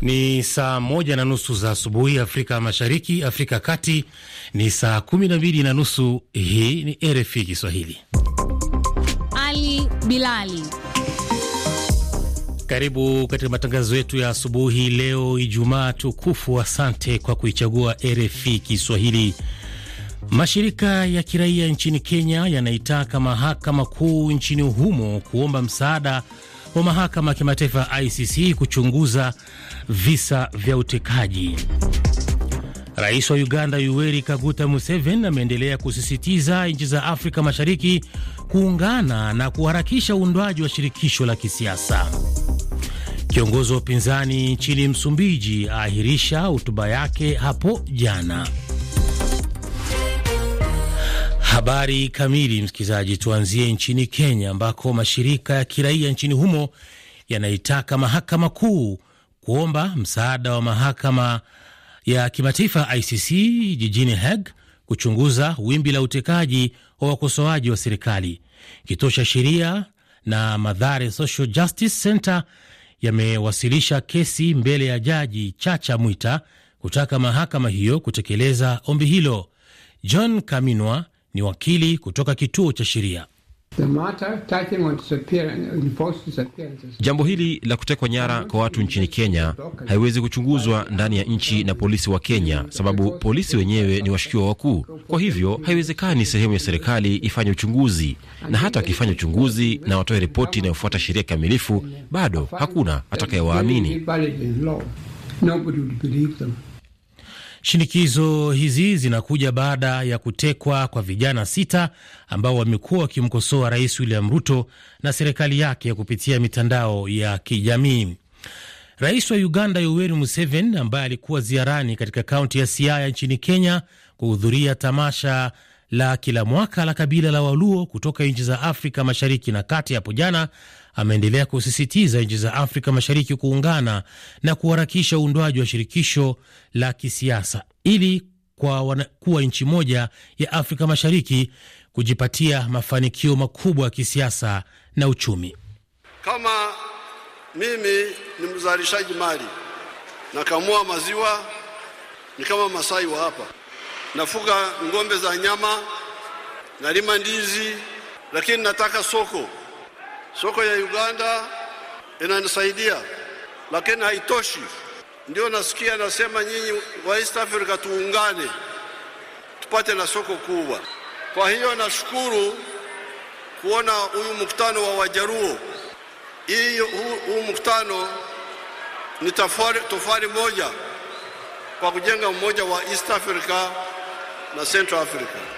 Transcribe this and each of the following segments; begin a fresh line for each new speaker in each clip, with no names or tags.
Ni saa moja na nusu za asubuhi Afrika Mashariki, Afrika Kati ni saa kumi na mbili na nusu. Hii ni RFI Kiswahili.
Ali Bilali,
karibu katika matangazo yetu ya asubuhi leo Ijumaa tukufu. Asante kwa kuichagua RFI Kiswahili. Mashirika ya kiraia nchini Kenya yanaitaka mahakama kuu nchini humo kuomba msaada wa mahakama ya kimataifa ya ICC kuchunguza visa vya utekaji. Rais wa Uganda Yoweri Kaguta Museveni ameendelea kusisitiza nchi za Afrika Mashariki kuungana na kuharakisha uundwaji wa shirikisho la kisiasa. Kiongozi wa upinzani nchini Msumbiji aahirisha hotuba yake hapo jana. Habari kamili, msikilizaji, tuanzie nchini Kenya ambako mashirika ya kiraia nchini humo yanaitaka mahakama kuu kuomba msaada wa mahakama ya kimataifa ICC jijini Hague kuchunguza wimbi la utekaji wa wakosoaji wa serikali. Kituo cha sheria na Madhare Social Justice Center yamewasilisha kesi mbele ya Jaji Chacha Mwita kutaka mahakama hiyo kutekeleza ombi hilo. John Kaminwa ni wakili kutoka kituo cha sheria.
Jambo hili la kutekwa nyara kwa watu nchini Kenya haiwezi kuchunguzwa ndani ya nchi na polisi wa Kenya, sababu polisi wenyewe ni washukiwa wakuu. Kwa hivyo haiwezekani sehemu ya serikali ifanye uchunguzi, na hata wakifanya uchunguzi na watoe ripoti inayofuata sheria kikamilifu bado hakuna atakayewaamini. Shinikizo
hizi zinakuja baada ya kutekwa kwa vijana sita ambao wamekuwa wakimkosoa Rais William Ruto na serikali yake kupitia mitandao ya kijamii. Rais wa Uganda Yoweri Museveni ambaye alikuwa ziarani katika kaunti ya Siaya nchini Kenya kuhudhuria tamasha la kila mwaka la kabila la Waluo kutoka nchi za Afrika Mashariki na Kati hapo jana ameendelea kusisitiza nchi za Afrika Mashariki kuungana na kuharakisha uundwaji wa shirikisho la kisiasa ili kwa wana, kuwa nchi moja ya Afrika Mashariki kujipatia mafanikio makubwa ya kisiasa na uchumi.
Kama mimi ni mzalishaji mali, nakamua maziwa, ni kama Masai wa hapa, nafuga ng'ombe za nyama, nalima ndizi, lakini nataka soko Soko ya Uganda inanisaidia, lakini haitoshi. Ndio nasikia nasema nyinyi wa East Africa tuungane, tupate na soko kubwa. Kwa hiyo nashukuru kuona huyu mkutano wa Wajaruo, hii huu mkutano ni tofari moja kwa kujenga umoja wa East Africa na Central Africa.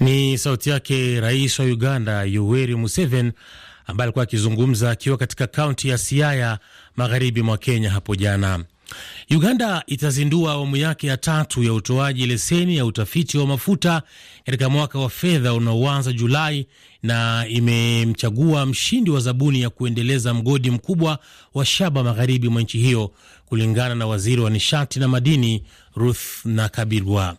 Ni sauti yake rais wa Uganda Yoweri Museveni ambaye alikuwa akizungumza akiwa katika kaunti ya Siaya magharibi mwa Kenya hapo jana. Uganda itazindua awamu yake ya tatu ya utoaji leseni ya utafiti wa mafuta katika mwaka wa fedha unaoanza Julai na imemchagua mshindi wa zabuni ya kuendeleza mgodi mkubwa wa shaba magharibi mwa nchi hiyo, kulingana na waziri wa nishati na madini Ruth Nakabirwa.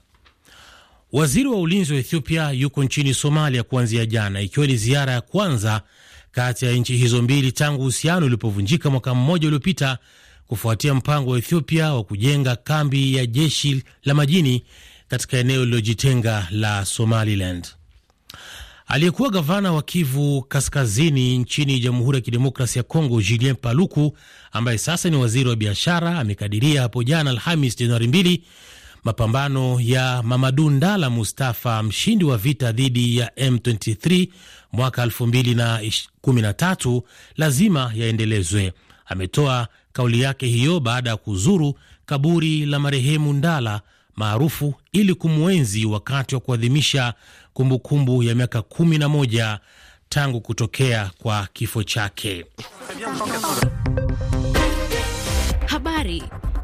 Waziri wa ulinzi wa Ethiopia yuko nchini Somalia kuanzia jana, ikiwa ni ziara ya kwanza kati ya nchi hizo mbili tangu uhusiano ulipovunjika mwaka mmoja uliopita kufuatia mpango wa Ethiopia wa kujenga kambi ya jeshi la majini katika eneo lililojitenga la Somaliland. Aliyekuwa gavana wa Kivu Kaskazini nchini Jamhuri ya Kidemokrasi ya Kongo, Julien Paluku, ambaye sasa ni waziri wa biashara, amekadiria hapo jana Alhamis Januari mbili Mapambano ya Mamadu Ndala Mustafa, mshindi wa vita dhidi ya M23 mwaka 2013 lazima yaendelezwe. Ametoa kauli yake hiyo baada ya kuzuru kaburi la marehemu Ndala maarufu ili kumwenzi wakati wa kuadhimisha kumbukumbu ya miaka 11 tangu kutokea kwa kifo chake.
Habari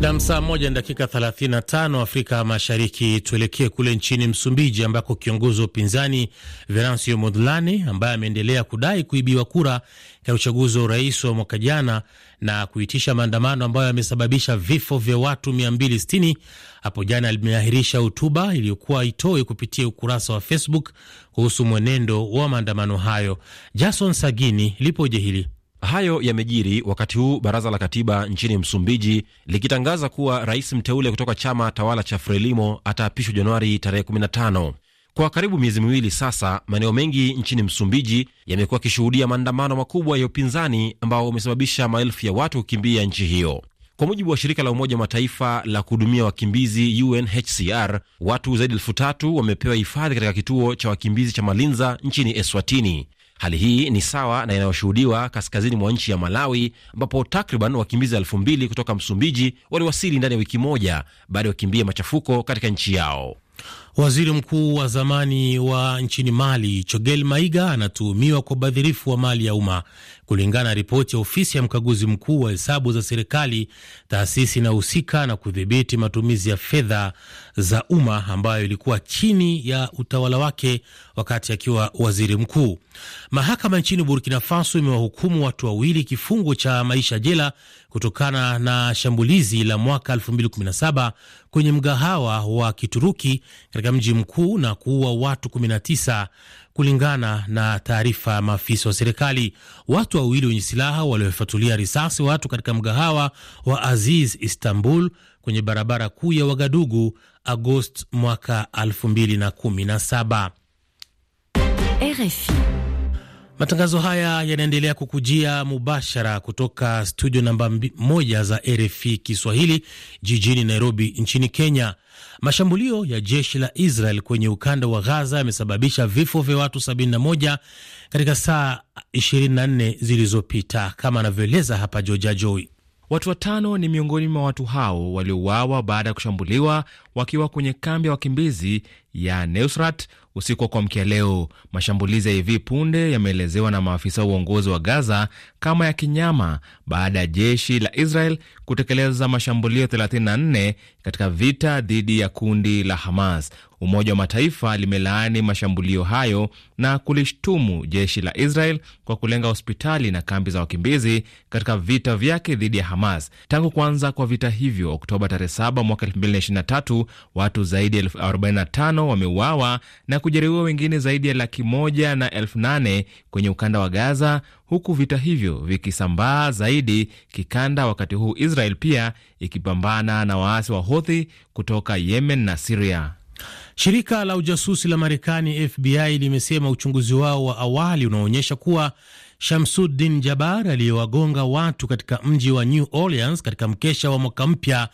Nam, saa moja na dakika 35 Afrika Mashariki. Tuelekee kule nchini Msumbiji ambako kiongozi wa upinzani Venancio Mondlane ambaye ameendelea kudai kuibiwa kura katika uchaguzi wa urais wa mwaka jana na kuitisha maandamano ambayo yamesababisha vifo vya watu 260 hapo jana, limeahirisha hotuba iliyokuwa itoe kupitia ukurasa wa Facebook kuhusu mwenendo wa maandamano hayo.
Jason Sagini, lipoje hili? Hayo yamejiri wakati huu baraza la katiba nchini Msumbiji likitangaza kuwa rais mteule kutoka chama tawala cha Frelimo ataapishwa Januari tarehe 15. Kwa karibu miezi miwili sasa, maeneo mengi nchini Msumbiji yamekuwa yakishuhudia maandamano makubwa ya upinzani ambao umesababisha maelfu ya watu kukimbia nchi hiyo. Kwa mujibu wa shirika la Umoja wa Mataifa la kuhudumia wakimbizi UNHCR, watu zaidi elfu tatu wamepewa hifadhi katika kituo cha wakimbizi cha Malinza nchini Eswatini. Hali hii ni sawa na inayoshuhudiwa kaskazini mwa nchi ya Malawi, ambapo takriban wakimbizi elfu mbili kutoka Msumbiji waliwasili ndani ya wiki moja baada ya kukimbia machafuko katika nchi yao.
Waziri mkuu wa zamani wa nchini Mali Chogel Maiga anatuhumiwa kwa ubadhirifu wa mali ya umma kulingana na ripoti ya ofisi ya mkaguzi mkuu wa hesabu za serikali, taasisi inayohusika na kudhibiti matumizi ya fedha za umma ambayo ilikuwa chini ya utawala wake wakati akiwa waziri mkuu. Mahakama nchini Burkina Faso imewahukumu watu wawili kifungo cha maisha jela kutokana na shambulizi la mwaka 2017 kwenye mgahawa wa Kituruki katika mji mkuu na kuua watu 19 kulingana na taarifa ya maafisa wa serikali. Watu wawili wenye silaha waliofyatulia risasi watu katika mgahawa wa Aziz Istanbul kwenye barabara kuu ya Wagadugu Agosti mwaka 2017.
RFI
Matangazo haya yanaendelea kukujia mubashara kutoka studio namba moja za RFI Kiswahili jijini Nairobi nchini Kenya. Mashambulio ya jeshi la Israel kwenye ukanda wa Gaza yamesababisha vifo vya watu 71 katika saa 24 zilizopita, kama anavyoeleza hapa Joja Joi. Watu watano ni miongoni mwa watu hao waliouawa baada ya kushambuliwa wakiwa kwenye kambi ya wakimbizi ya neusrat usiku wa kuamkia leo. Mashambulizi ya hivi punde yameelezewa na maafisa wa uongozi wa Gaza kama ya kinyama baada ya jeshi la Israel kutekeleza mashambulio 34 katika vita dhidi ya kundi la Hamas. Umoja wa Mataifa limelaani mashambulio hayo na kulishtumu jeshi la Israel kwa kulenga hospitali na kambi za wakimbizi katika vita vyake dhidi ya Hamas. Tangu kuanza kwa vita hivyo Oktoba tarehe 7 mwaka 2023 watu zaidi ya 45 wameuawa na kujeruhiwa wengine zaidi ya laki moja na elfu nane kwenye ukanda wa Gaza, huku vita hivyo vikisambaa zaidi kikanda, wakati huu Israel pia ikipambana na waasi wa Houthi kutoka Yemen na Siria. Shirika la ujasusi la Marekani FBI limesema uchunguzi wao wa awali unaonyesha kuwa Shamsuddin jabar aliyewagonga watu katika mji wa New Orleans katika mkesha wa mwaka mpya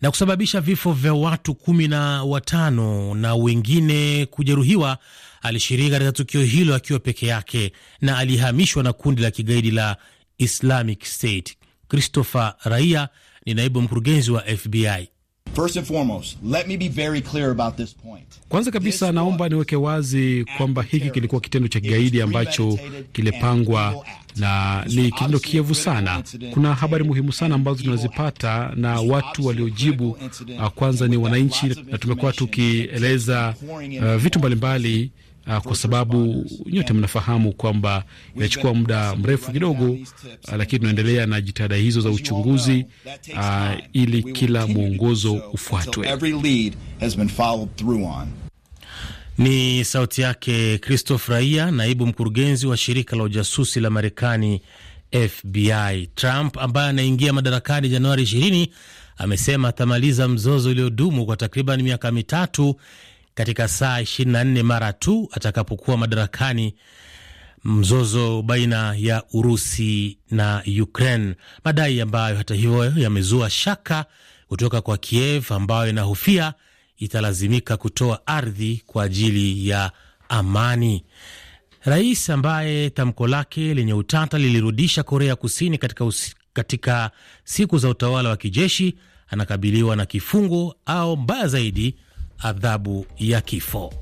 na kusababisha vifo vya watu kumi na watano na wengine kujeruhiwa. Alishiriki katika tukio hilo akiwa peke yake na alihamishwa na kundi la kigaidi la Islamic State. Christopher Raia ni naibu mkurugenzi wa FBI.
First and foremost, let me be very clear about this point.
Kwanza kabisa naomba niweke wazi kwamba hiki kilikuwa kitendo cha kigaidi ambacho kilipangwa na ni kievu sana. Kuna habari muhimu sana ambazo tunazipata na watu waliojibu ah, kwanza ni wananchi, na tumekuwa tukieleza uh, vitu mbalimbali uh, kwa sababu nyote mnafahamu kwamba inachukua muda mrefu kidogo uh, lakini tunaendelea na jitihada hizo za uchunguzi uh, ili kila mwongozo ufuatwe. Ni sauti yake Christophe Raia, naibu mkurugenzi wa shirika la ujasusi la Marekani FBI. Trump ambaye anaingia madarakani Januari 20 amesema atamaliza mzozo uliodumu kwa takriban miaka mitatu katika saa 24 mara tu atakapokuwa madarakani, mzozo baina ya Urusi na Ukraine, madai ambayo hata hivyo yamezua shaka kutoka kwa Kiev ambayo inahofia italazimika kutoa ardhi kwa ajili ya amani. Rais ambaye tamko lake lenye utata lilirudisha Korea Kusini katika, usi, katika siku za utawala wa kijeshi anakabiliwa na kifungo au mbaya zaidi adhabu ya kifo.